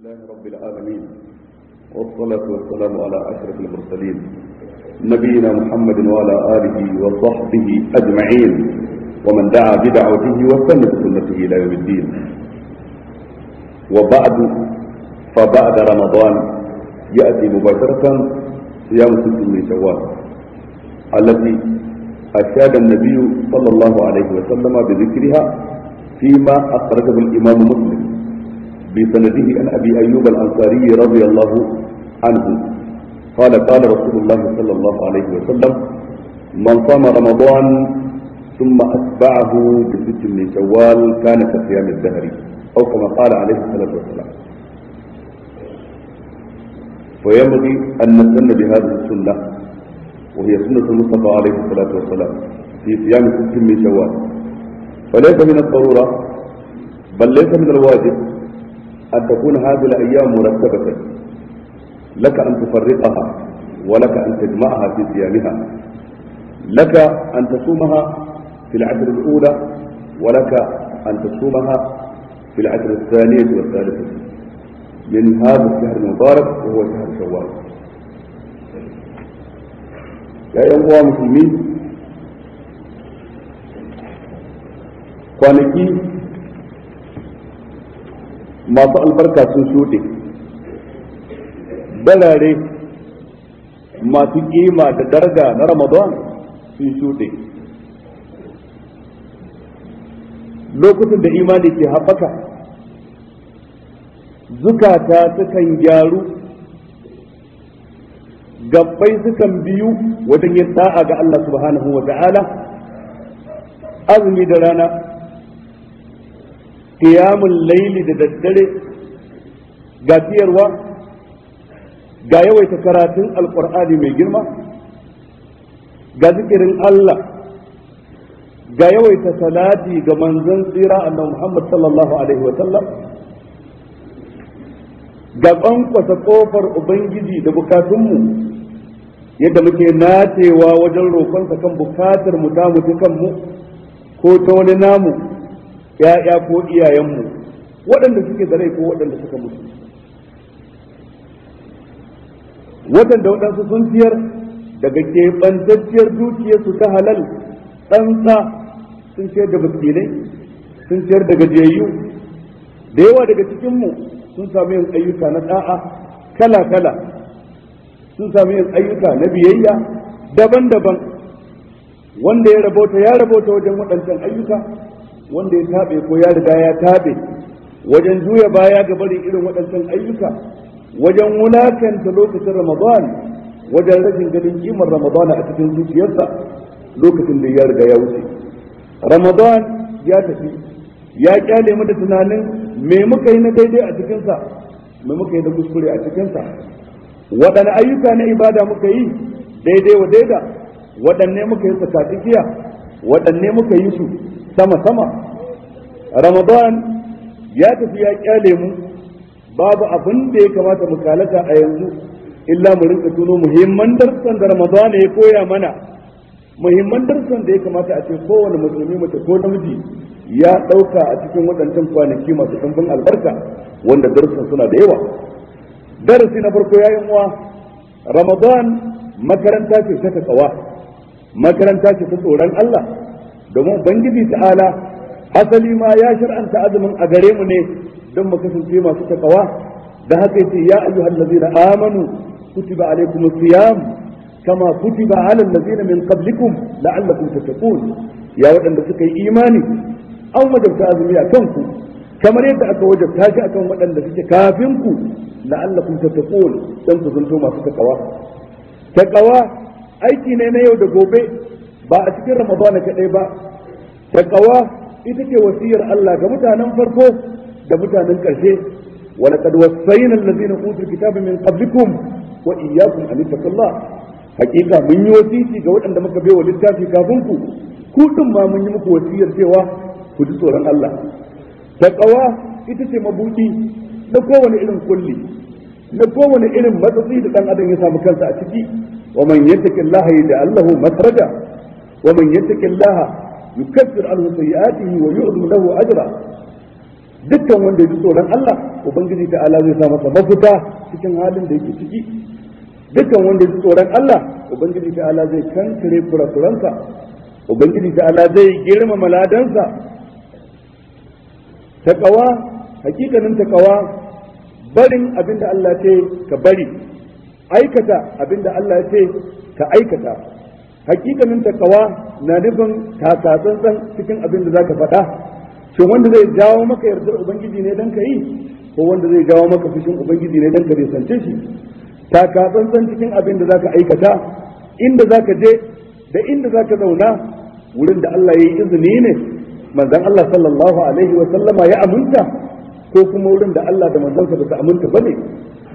لله رب العالمين والصلاة والسلام على أشرف المرسلين نبينا محمد وعلى آله وصحبه أجمعين ومن دعا بدعوته وسن بسنته إلى يوم الدين وبعد فبعد رمضان يأتي مباشرة صيام ست من شوال التي أشاد النبي صلى الله عليه وسلم بذكرها فيما أخرجه الإمام مسلم بسنده عن أبي أيوب الأنصاري رضي الله عنه قال قال رسول الله صلى الله عليه وسلم من صام رمضان ثم أتبعه بست من شوال كان كصيام الدهر أو كما قال عليه الصلاة والسلام فينبغي أن نستن بهذه السنة وهي سنة المصطفى عليه الصلاة والسلام في صيام ست من شوال فليس من الضرورة بل ليس من الواجب أن تكون هذه الأيام مرتبة لك أن تفرقها ولك أن تجمعها في صيامها لك أن تصومها في العشر الأولى ولك أن تصومها في العشر الثانية والثالثة من هذا الشهر المبارك وهو شهر شوال يا أيها المسلمين kwanaki masu albarka sun shuɗe dalare masu kima da darga na ramadan sun shuɗe lokacin da imani ke haɓaka zukata sukan gyaru gabbai sukan biyu wajen yin da'a ga Allah subhanahu wa ta'ala azumi da rana qiyamul layli da daddare ga tiyarwa ga yawaita karatun alqur'ani mai girma ga zikirin Allah ga yawaita salati ga manzon tsira annabi Muhammad sallallahu alaihi wa sallam ga kwankwasa kofar ubangiji da bukatunmu yadda muke nacewa wajen roƙonsa kan bukatar mu ta kanmu ko ta wani namu ya'ya ko iyayenmu waɗanda suke da rai ko waɗanda suka mutu waɗanda waɗansu sun ciyar daga keɓantacciyar dukiyarsu ta halal ɗansa sun ciyar da bakilai, sun ciyar da gajiyayyu da yawa daga cikinmu sun sami yin ayyuka na ɗa'a kala-kala sun sami yin ayyuka na biyayya daban-daban wanda ya rabauta ya rabauta wajen waɗancan ayyuka wanda ya taɓe ko ya riga ya taɓe, wajen juya baya ga bari irin waɗancan ayyuka wajen wulakanta lokacin ramadan wajen rashin ganin kimar ramadan a cikin zuciyarsa lokacin da ya riga ya wuce ramadan ya tafi ya kyale mu da tunanin me muka yi na daidai a cikinsa me muka yi na kuskure a cikinsa waɗanne ayyuka na ibada muka yi daidai wa daida waɗanne muka yi tsakatikiya waɗanne muka yi su sama sama ramadan ya tafi ya kyale mu babu abin da ya kamata mu kalata a yanzu illa mu rinka tuno muhimman darsan da ramadan ya koya mana muhimman darsan da ya kamata a ce kowane musulmi mace ko namiji ya dauka a cikin wadancan kwanaki masu ɗumbin albarka wanda darsan suna da yawa darasi na farko yayin wa ramadan makaranta ce ta tsawa makaranta ce ta tsoron Allah domin ubangiji ta'ala asali ma ya shar'anta azumin a gare mu ne don mu kasance masu takawa da haka yace ya ayyuhal ladzina amanu kutiba alaykumus siyam kama kutiba alal ladzina min qablikum la'allakum tattaqun ya waɗanda suka yi imani an wajabta azumi a kanku kamar yadda aka wajabta shi akan waɗanda suke kafin ku la'allakum tattaqun dan ku zanto masu takawa takawa aiki ne na yau da gobe ba a cikin ramadana kadai ba takawa ita ce wasiyar Allah ga mutanen farko da mutanen ƙarshe wa laqad wassayna allazina utul kitaba min qablikum wa iyyakum an taqullah hakika mun yi wasiti ga waɗanda muka bai wa littafi kafin ku ku din ma mun yi muku wasiyar cewa ku ji tsoron Allah taqwa ita ce mabuki na kowane irin kulli na kowane irin matsatsi da dan adam ya samu kansa a ciki wa man yattaqillaha yaj'al lahu makhraja wa man yattaqillaha yukaffir anhu sayyi'atihi wa yu'dhu lahu ajra dukkan wanda ya tsoron Allah ubangiji ta ala zai sa masa mafita cikin halin da yake ciki dukkan wanda ya tsoron Allah ubangiji ta ala zai kankare kurakuransa ubangiji ta ala zai girmama ladansa takawa hakikanin takawa barin abinda Allah ce ka bari aikata abinda Allah ce ka aikata hakikanin takawa na nufin takatsantsan cikin abin da zaka faɗa to wanda zai jawo maka yardar ubangiji ne dan ka yi ko wanda zai jawo maka fushin ubangiji ne dan ka sance shi takatsantsan cikin abin da zaka aikata inda zaka je da inda zaka zauna wurin da Allah ya yi izini ne manzon Allah sallallahu alaihi wa sallama ya aminta ko kuma wurin da Allah da manzansa ba su aminta bane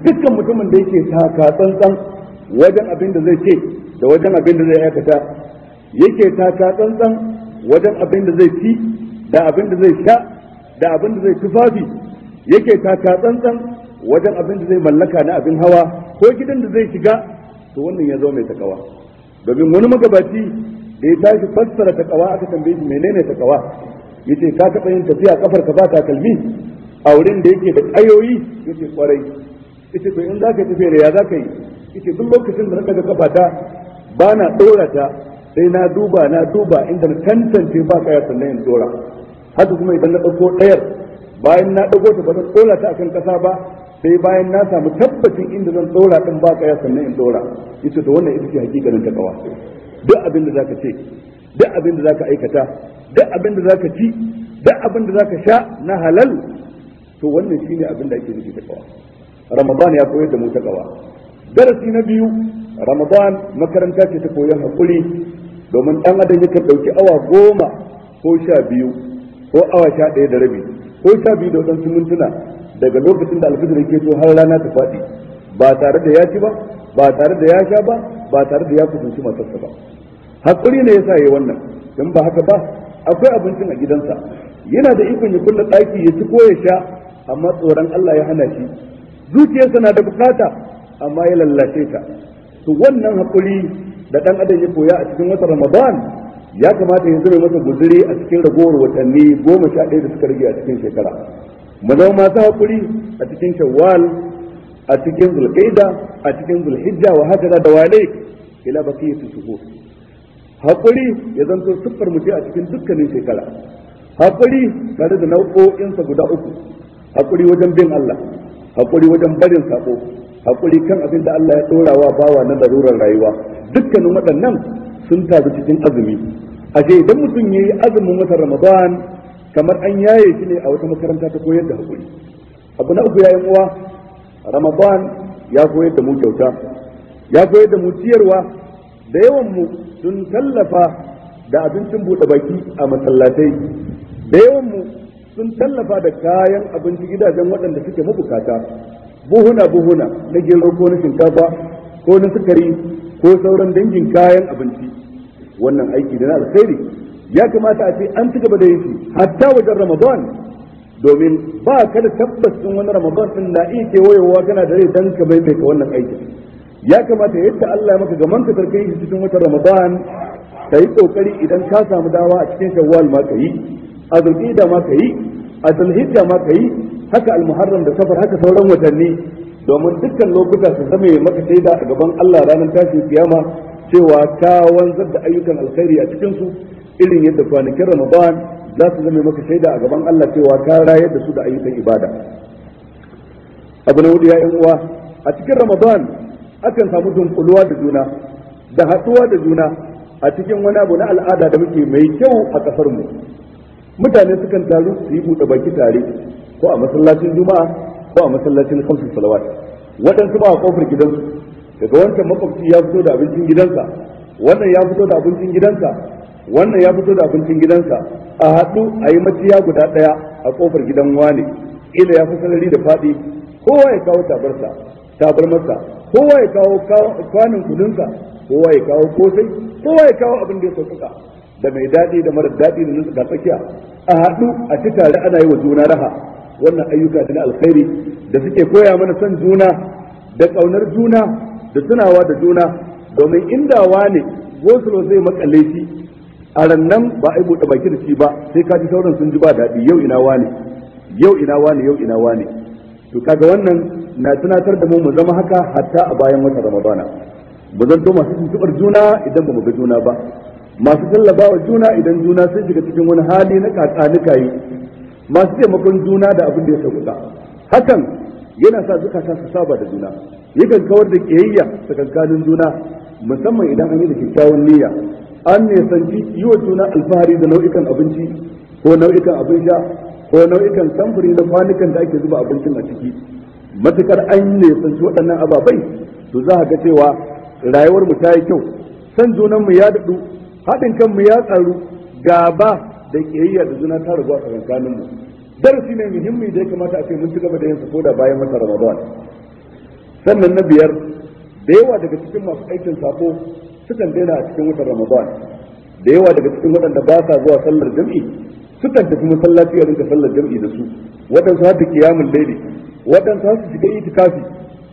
dukkan mutumin da yake takatsantsan wajen abin da zai ce da wajen abin da zai aikata yake ta tsantsan wajen abin da zai ci da abin da zai sha da abin da zai tufafi yake ta tsantsan wajen abin da zai mallaka na abin hawa ko gidan da zai shiga to wannan ya zo mai takawa domin wani magabaci da ya tashi fassara takawa aka tambaye shi menene takawa yace ka taɓa yin tafiya kafar ka ba takalmi a wurin da yake da ƙayoyi yace kwarai yace to in zaka tafiya ne ya zaka yi yace duk lokacin da na daga kafata ba na ɗora ta sai na duba na duba inda na tantance ba kaya sannan in ɗora haka kuma idan na ɗauko ɗayar bayan na ɗauko ta ba zan ɗora ta akan ƙasa ba sai bayan na samu tabbacin inda zan ɗora ɗin ba kaya sannan in ɗora ita to wannan ita ce hakikanin ƙawa, duk abin da zaka ce duk abin da zaka aikata duk abin da zaka ci duk abin da zaka sha na halal to wannan shine abin da ake nufi ƙawa. ramadan ya koyar da mu ta ƙawa darasi na biyu ramadan makaranta ce ta koyon hakuri domin dan adam yake dauki awa goma ko sha biyu ko awa sha ɗaya da rabi ko sha biyu da wadansu mintuna daga lokacin da alfijir ke so har rana ta faɗi ba tare da ya ci ba ba tare da ya sha ba ba tare da ya kusanci matarsa ba hakuri ne yasa yayi wannan dan ba haka ba akwai abincin a gidansa yana da ikon ya kulle ɗaki ya ci ko ya sha amma tsoron Allah ya hana shi zuciyarsa na da bukata amma ya lallace ta to wannan hakuri da dan adam ya koya a cikin watan ramadan ya kamata ya zama masa guzuri a cikin ragowar watanni goma sha ɗaya da suka rage a cikin shekara mu zama masu hakuri a cikin shawwal a cikin zulqaida a cikin zulhijja wa hakaza da wale ila baqiyatu shuhur hakuri ya zanto siffar mu a cikin dukkanin shekara hakuri tare da nau'o'insa guda uku hakuri wajen bin Allah hakuri wajen barin sako hakuri kan abin da Allah ya dora wa bawa na darurar rayuwa dukkanin waɗannan sun taru cikin azumi ashe idan mutum yayi azumin watan Ramadan kamar an yaye shi ne a wata makaranta ta koyar da hakuri abu na uku yayin uwa Ramadan ya koyar da mu kyauta ya koyar da mu ciyarwa da yawan mu sun tallafa da abincin buɗe baki a masallatai da yawan mu sun tallafa da kayan abinci gidajen waɗanda suke mabukata buhuna buhuna na gero ko na shinkafa ko na sukari ko sauran dangin kayan abinci wannan aiki da na alkhairi ya kamata a ce an ci gaba da yin hatta wajen ramadan domin ba ka da tabbas din wani ramadan din na iya kewayowa kana da rai dan ka bai ka wannan aiki ya kamata yadda Allah ya maka gaman ka tarkai shi cikin watan ramadan ka yi kokari idan ka samu dawa a cikin shawwal ma ka yi a zulqa'da ma ka yi a ma ka yi haka almuharram da safar haka sauran watanni domin dukkan lokuta su zama maka shaida a gaban Allah ranar tashin kiyama cewa ta wanzar da ayyukan alkhairi a cikin su irin yadda kwanakin Ramadan za su zama maka shaida a gaban Allah cewa ka rayar da su da ayyukan ibada abu na hudu ya uwa a cikin Ramadan akan samu dunkuluwa da juna da haɗuwa da juna a cikin wani abu na al'ada da muke mai kyau a kasar mu mutane sukan taru su yi buɗe baki tare ko a masallacin juma'a ko a masallacin khamsu salawat waɗansu ba a kofar gidansu daga wancan makwabci ya fito da abincin gidansa wannan ya fito da abincin gidansa wannan ya fito da abincin gidansa a haɗu a yi maciya guda ɗaya a kofar gidan wane ila ya fi sarari da faɗi kowa ya kawo tabarsa tabarmarsa kowa ya kawo kwanin kudinsa kowa ya kawo kosai kowa ya kawo abin da ya sauƙaƙa da mai daɗi da mara daɗi da nutsu tsakiya a haɗu a ci tare ana yi wa juna raha wannan ayyuka da na alkhairi da suke koya mana son juna da ƙaunar juna da tunawa da juna domin inda wane gosulo zai makalle shi a rannan ba a yi buɗe baki da shi ba sai ka ji sauran sun ji ba daɗi yau ina wane yau ina wane yau ina wane to kaga wannan na tunatar da mu mu zama haka hatta a bayan wata ramadana ba zanto masu tuntuɓar juna idan ba mu ga juna ba masu tallabawa juna idan juna sun shiga cikin wani hali na kakanika yi masu taimakon juna da abin da ya sauka hakan yana sa zukata su saba da juna yakan kawar da kiyayya tsakankanin juna musamman idan an yi da kyakkyawan niyya an ne sanci yi wa juna alfahari da nau'ikan abinci ko nau'ikan abin sha ko nau'ikan samfuri da kwanukan da ake zuba abincin a ciki matukar an ne sanci waɗannan ababai to za ga cewa rayuwar mu ta yi kyau san junan mu ya daɗu haɗin kan mu ya tsaru gaba da kiyayya da juna ta rubuwa tsakanin mu darasi ne muhimmi da ya kamata a ce mun ci gaba da yin ko koda bayan watan Ramadan sannan na biyar da yawa daga cikin masu aikin sako sukan daina a cikin watan Ramadan da yawa daga cikin waɗanda ba sa zuwa sallar jami'i sukan tafi masallaci a rinka sallar jami'i da su waɗansu har da kiyamun laili waɗansu har su shiga itikafi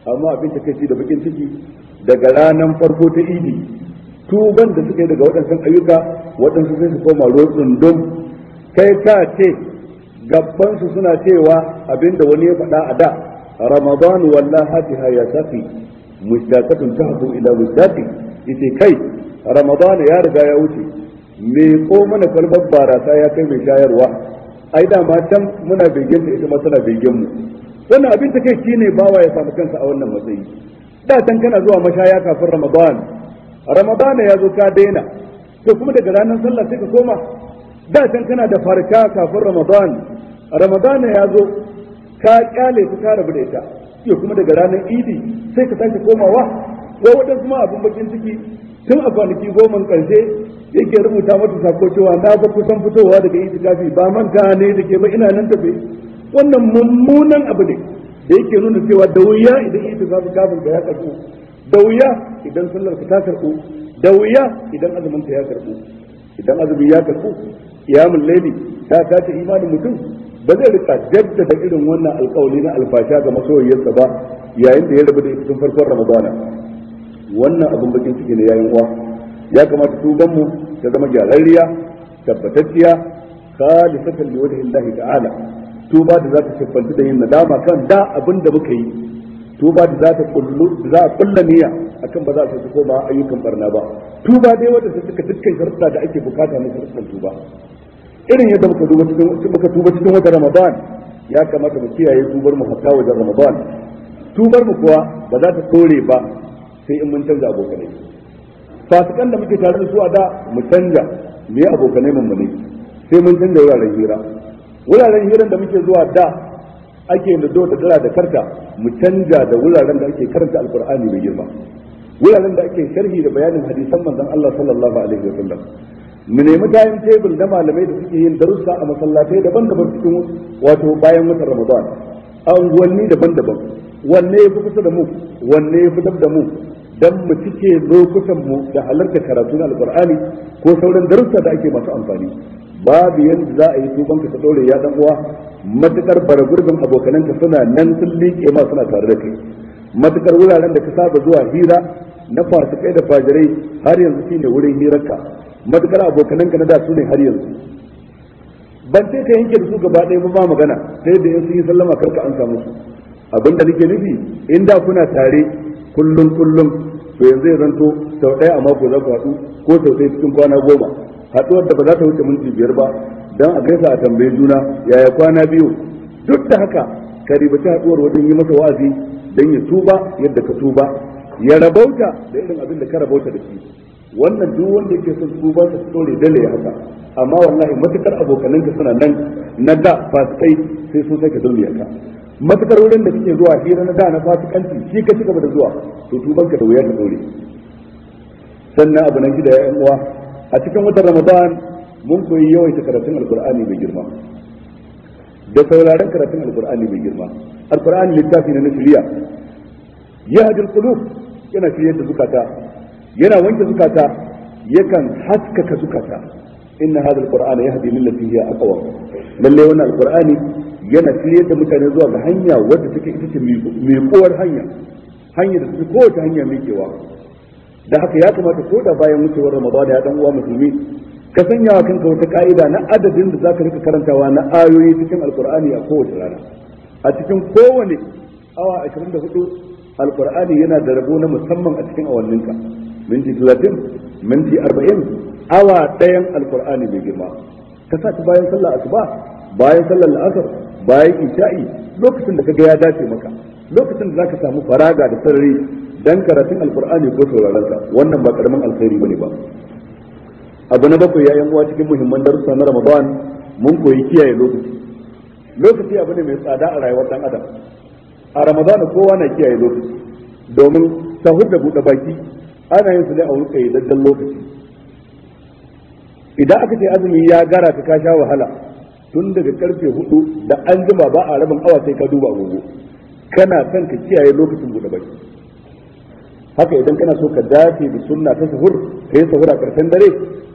amma abin da kai da bakin ciki daga ranar farko ta idi tuban da suke daga waɗansan ayyuka waɗansu sai su koma ruwan dum kai ka ce gabbansu suna cewa abinda wani ya faɗa a da ramadan wallahatiha ya safi mushtaqatun tahdu ila mushtaqi Ita kai ramadan ya riga ya wuce me ko mana kalmar barasa ya kai mai shayarwa ai da ma can muna begen da ita ma tana begen mu wannan abin ta kai shine bawa ya samu kansa a wannan matsayi da tan kana zuwa mashaya kafin ramadan ramadana ya zo ka daina to kuma daga ranar sallah sai ka koma da can kana da farka kafin ramadan ramadana ya zo ka kyale ka rabu da ita to kuma daga ranar idi sai ka sake komawa ko wadan kuma abin bakin ciki tun a kwanaki goma karshe yake rubuta mata sako cewa na ga kusan fitowa daga kafi ba manta ne da ke ba ina nan tafe wannan mummunan abu ne da yake nuna cewa da wuya idan itikafi kafin ka ya kasu da wuya idan sallar ku ta karbu da wuya idan azumin ta ya karbu idan azumi ya karbu qiyamul layli ta tace imanin mutum ba zai rika jaddada irin wannan alƙawari na alfasha ga masoyiyarsa ba yayin da ya rabu da ita tun farkon ramadana wannan abin bakin ciki ne yayin uwa ya kamata tuban mu ta zama gyararriya tabbatacciya khalisatan liwajhi Allah ta'ala tuba da za ta siffanta da yin nadama kan da abin da muka yi tuba da za ta kullu za a niyya akan ba za su koma ayyukan barna ba tuba dai wanda su suka dukkan sharuɗa da ake bukata na sharuɗan tuba irin yadda muka duba cikin muka tuba cikin wata ramadan ya kamata mu kiyaye tubar mu hatta wajen ramadan tubar mu kuwa ba za ta kore ba sai in mun canza abokanai fasikan da muke tare da su a da mu canja abokanai mun mu ne? sai mun canza wuraren hira wuraren hiran da muke zuwa da ake da da dala da karta mu canja da wuraren da ake karanta alkur'ani mai girma wuraren da ake sharhi da bayanin hadisan manzon Allah sallallahu alaihi wasallam mu nemi tayin table na malamai da suke yin darussa a masallatai daban-daban cikin wato bayan watan Ramadan anguwanni daban-daban wanne ya fi kusa da mu wanne ya fi dab da mu dan mu cike lokutan mu da halarta karatu na alqur'ani ko sauran darussa da ake masu amfani babu yanda za a yi tuban ka dore ya dan uwa matukar bara gurbin abokananka suna nan sun liƙe ma suna tare da kai matukar wuraren da ka saba zuwa hira na fasikai da fajirai har yanzu ne wurin hirarka matukar abokananka na da su ne har yanzu ban sai ka yanke da su gaba ɗaya ba magana sai da in sun yi sallama karka an samu su abin da nake nufi in da kuna tare kullum kullum to yanzu ya zanto sau ɗaya a mako za ku haɗu ko sau ɗaya cikin kwana goma haɗuwar da ba za ta wuce minti biyar ba don a kai sa a tambayi juna yaya kwana biyu duk da haka ka ribaci haɗuwar wajen yi masa wa'azi dan ya tuba yadda ka tuba ya rabauta da irin abin da ka rabauta da shi wannan duk wanda yake son tuba ta tsore dole ya haka amma wallahi matukar abokananka suna nan na da fasikai sai su sake dole ka matukar wurin da kake zuwa hira na da na fasikanci shi ka ci gaba da zuwa to tubanka da wuya ta dole sannan abu na gida ya yan uwa a cikin watan ramadan mun koyi yawaita karatun alkur'ani mai girma da sauraron karatun alkur'ani mai girma alkur'ani littafi na na shari'a yahdil qulub yana shiryar da zukata yana wanke zukata yakan haskaka zukata inna hadha alqur'ana yahdi lil lati a aqwam lalle wannan alqur'ani yana shiryar da mutane zuwa ga hanya wadda take ita ce mai kowar hanya hanya da take kowace hanya mai kewa da haka ya kamata ko da bayan wucewar Ramadana ya dan uwa musulmi ka sanya wa kanka wata ka'ida na adadin da zaka rika karantawa na ayoyi cikin alqur'ani a kowace rana a cikin kowane awa 24 alqur'ani yana da rabo na musamman a cikin awanninka minti 30 minti 40 awa ɗayan alqur'ani mai girma ka sa ta bayan sallah asuba bayan sallar la'asar bayan isha'i lokacin da kaga ya dace maka lokacin da zaka samu faraga da sarari dan karatun alqur'ani ko sauraron wannan ba karamin alkhairi bane ba abu na bakwai yayin uwa cikin muhimman darussa na ramadan mun koyi kiyaye lokaci lokaci abu ne mai tsada a rayuwar dan adam a ramadan kowa na kiyaye lokaci domin sahur da buɗe baki ana yin su ne a wurin kayyadaddan lokaci idan aka ce azumi ya gara ka ka sha wahala tun daga karfe hudu da an jima ba a rabin awa sai ka duba agogo kana son ka kiyaye lokacin buɗe baki haka idan kana so ka dace da sunna ta suhur ka yi sahur a karshen dare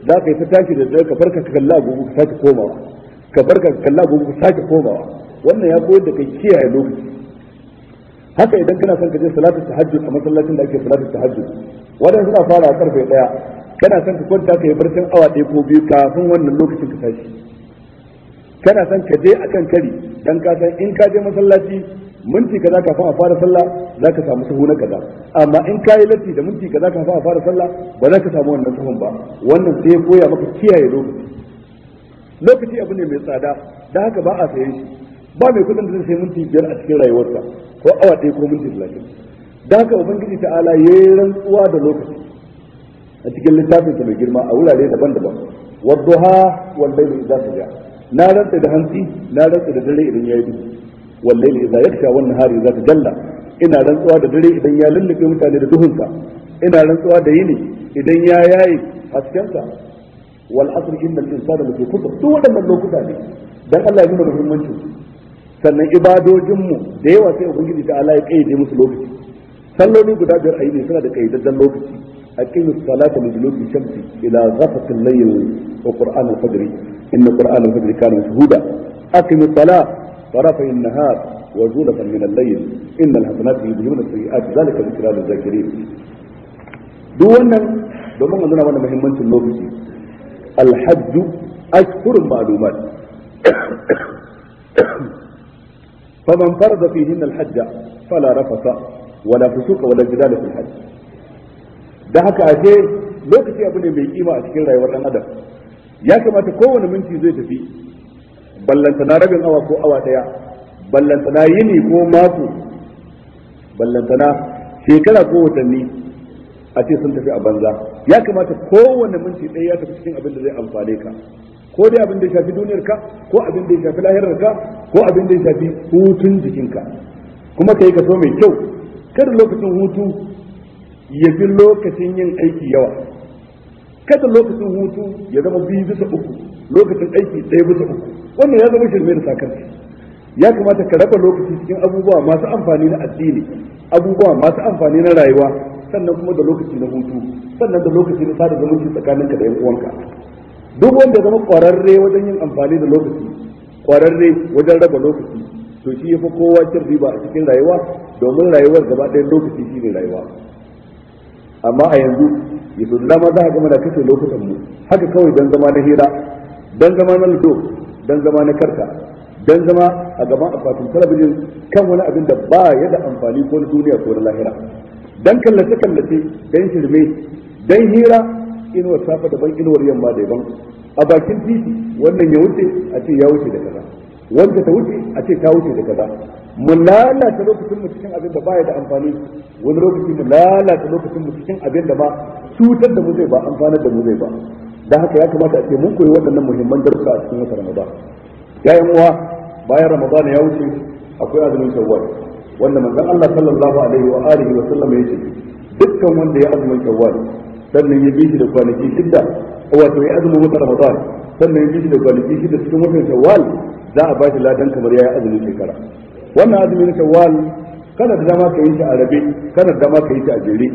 za ka yi ta tashi da dare ka farka ka kalla gobe ka sake komawa ka farka ka kalla gobe ka sake komawa wannan ya koyar da kai kiyaye lokaci haka idan kana son ka je salatu tahajjud a masallacin da ake salatu tahajjud wannan suna fara a karfe daya kana son ka kwanta ka yi barcin awa ɗaya ko biyu kafin wannan lokacin ka tashi kana son ka je akan kari dan ka san in ka je masallaci minti kaza kafin a fara sallah za ka samu sahu na kaza amma in kayi latti da minti kaza kafin a fara sallah ba za ka samu wannan sahun ba wannan sai koya maka kiyaye lokaci lokaci abu ne mai tsada da haka ba a sayen shi ba mai kudin da zai sai minti biyar a cikin rayuwarsa ko awa ɗaya ko minti talatin da haka ubangiji ta'ala ya yi rantsuwa da lokaci a cikin littafinsa mai girma a wurare daban-daban wadduha wal layli idza saja na rantsa da hantsi na rantsa da dare idan ya yi duhu والليل إذا يخشى والنهار إذا تجلى إن لن تؤاد دري إذا يالل في مكان لدهنك إن لن تؤاد ديني إذا يايي أسكنك والعصر إن الإنسان لفي كتب تو ودن من لوكتا لي دان الله يجب أن يكون sannan ibado jinmu da yawa sai ubangiji ta ala ya kayyade musu lokaci salloli guda biyar a yini suna da kayyadajjen lokaci a kayyu salata min lokaci shamsi ila ghafatil layl wa qur'an al-fajr inna qur'an al-fajr kana shuhuda akimi salat ورفع النهار وزولة من الليل إن الحسنات يدهون السيئات ذلك ذكرى للذاكرين دونا دونا دونا وانا مهم من تنوبتي الحج أكثر المعلومات فمن فرض فيهن الحج فلا رفص ولا فسوق ولا جدال في الحج دهك أجيه لو كتي أبني بيئيما أشكل رأي ورن أدف يا كما تكون من تيزيت فيه ballanta na rabin awa ko awa daya ballanta na yini ko mako ballanta na shekara ko watanni a ce sun tafi a banza ya kamata kowanne minti ɗaya ya tafi cikin abin da zai amfane ka ko dai abin da ya shafi ka ko abin da ya shafi ka ko abin da ya shafi hutun jikin ka kuma ka yi kaso mai kyau kada lokacin hutu ya fi lokacin yin aiki yawa kada lokacin hutu ya zama biyu bisa uku lokacin aiki ɗaya bisa uku wannan ya zama shirme da sakarci ya kamata ka raba lokaci cikin abubuwa masu amfani na addini abubuwa masu amfani na rayuwa sannan kuma da lokaci na hutu sannan da lokaci na sada zumunci tsakaninka da yan uwanka duk wanda zama kwararre wajen yin amfani da lokaci kwararre wajen raba lokaci to shi yafi kowa cin riba a cikin rayuwa domin rayuwar gaba ɗayan lokaci shi ne rayuwa amma a yanzu ya zama za ka gama da kashe lokutan mu haka kawai don zama na hira dan zama na ludo dan zama na karta dan zama a gaban akwatin talabijin kan wani abin da ba ya da amfani ko na duniya ko na lahira dan kallace kallace dan shirme dan hira inuwar safa daban inuwar yamma daban a bakin titi wannan ya wuce a ce ya wuce da kaza wanda ta wuce a ce ta wuce da kaza mu lalata lokacin mu cikin abin da baya da amfani wani lokaci mu lalata lokacin mu cikin abin da ba cutar da mu zai ba amfanar da mu zai ba dan haka ya kamata a ce mun koyi waɗannan muhimman darussa a cikin wata Ramadan yayin uwa bayan Ramadan ya wuce akwai azumin Shawwal wanda manzon Allah sallallahu alaihi wa alihi wa sallam ya ce dukkan wanda ya azumin Shawwal sannan ya bi shi da kwanaki shidda wato ya azumin wata Ramadan sannan ya bi da kwanaki shida cikin watan Shawwal za a bashi shi ladan kamar ya yi azumin shekara wannan azumin Shawwal kana da dama ka yi shi a rabe kana da dama ka yi shi a jere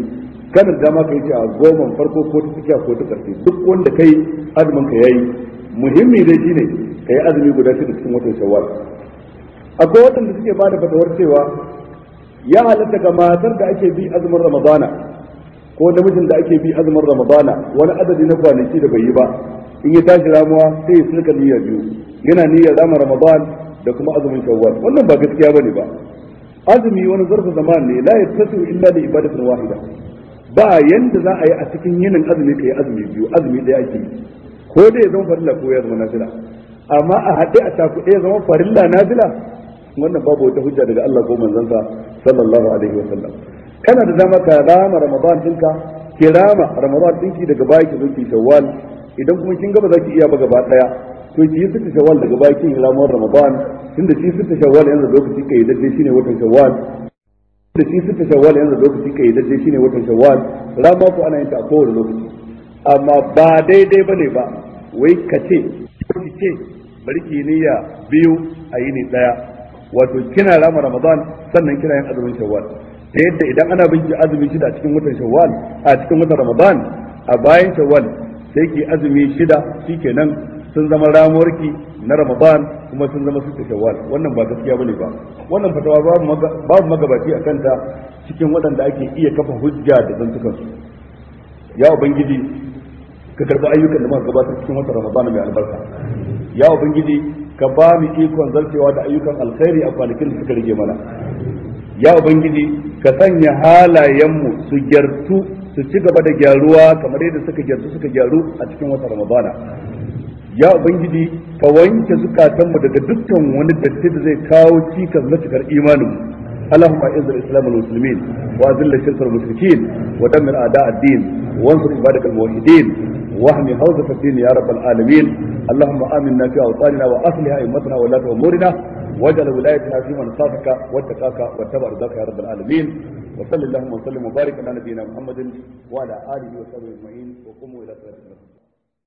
kana da dama kai a goma farko ko ta tsakiya ko ta duk wanda kai azumin ka yayi muhimmi dai shine kai azumi guda shi cikin watan shawwal akwai watan da suke ba da fatawar cewa ya halatta ga matar da ake bi azumin ramadana ko namijin da ake bi azumin ramadana wani adadi na kwanaki da bai yi ba in ya tashi ramuwa sai ya sulka niyya biyu yana niyya zama ramadan da kuma azumin shawwal wannan ba gaskiya bane ba azumi wani zarfa zaman ne la yattasu illa li ibadatin wahida ba yanda za a yi a cikin yinin azumi ka yi azumi biyu azumi ɗaya ake yi ko da ya zama farilla ko ya zama nafila amma a haɗe a takuɗe ya zama farilla nafila wannan babu wata hujja daga Allah ko manzansa sallallahu alaihi wa sallam kana da dama ka rama ramadan ɗinka ki rama ramadan ɗinki daga baya ki zo ki shawwal idan kuma kin gaba za ki iya ba gaba ɗaya to ki yi sitta shawwal daga baya kin rama ramadan tunda ki sitta shawwal yanzu lokaci kai shi shine watan shawwal da shi sita shawwal yanzu lokaci kai shi ne watan shawwal rama ko ana yin ta a kowane lokaci amma ba daidai ba ne ba wai ka ce ki ce bari ki niyya biyu a yini daya wato kina rama ramadan sannan kina yin azumin shawwal ta yadda idan ana bin ki azumi shida a cikin watan shawwal a cikin watan ramadan a bayan shawwal sai ki azumi shida shi shikenan sun zama ramuwarki na ramadan kuma sun zama sita shawwal wannan ba gaskiya bane ba wannan fatawa babu magabaci a kanta cikin waɗanda ake iya kafa hujja da zantukan su ya ubangiji ka karɓi ayyukan da muka gabatar cikin wata ramadan mai albarka ya ubangiji ka ba mu ikon zarcewa da ayyukan alkhairi a kwanakin da suka rage mana ya ubangiji ka sanya halayenmu su gyartu su ci gaba da gyaruwa kamar yadda suka gyartu suka gyaru a cikin wata ramadana ya ubangiji ka wanke zukatanmu daga dukkan wani datti da zai kawo cikas na cikar imaninmu اللهم اعز الاسلام والمسلمين واذل الشرك والمشركين ودمر اعداء الدين وانصر عبادك الموحدين واحمي حوزه الدين يا رب العالمين اللهم امنا في اوطاننا واصلح ائمتنا وولاه امورنا واجعل ولايتنا في من خافك واتقاك واتبع رضاك يا رب العالمين وصل اللهم وسلم وبارك على نبينا محمد وعلى اله وصحبه اجمعين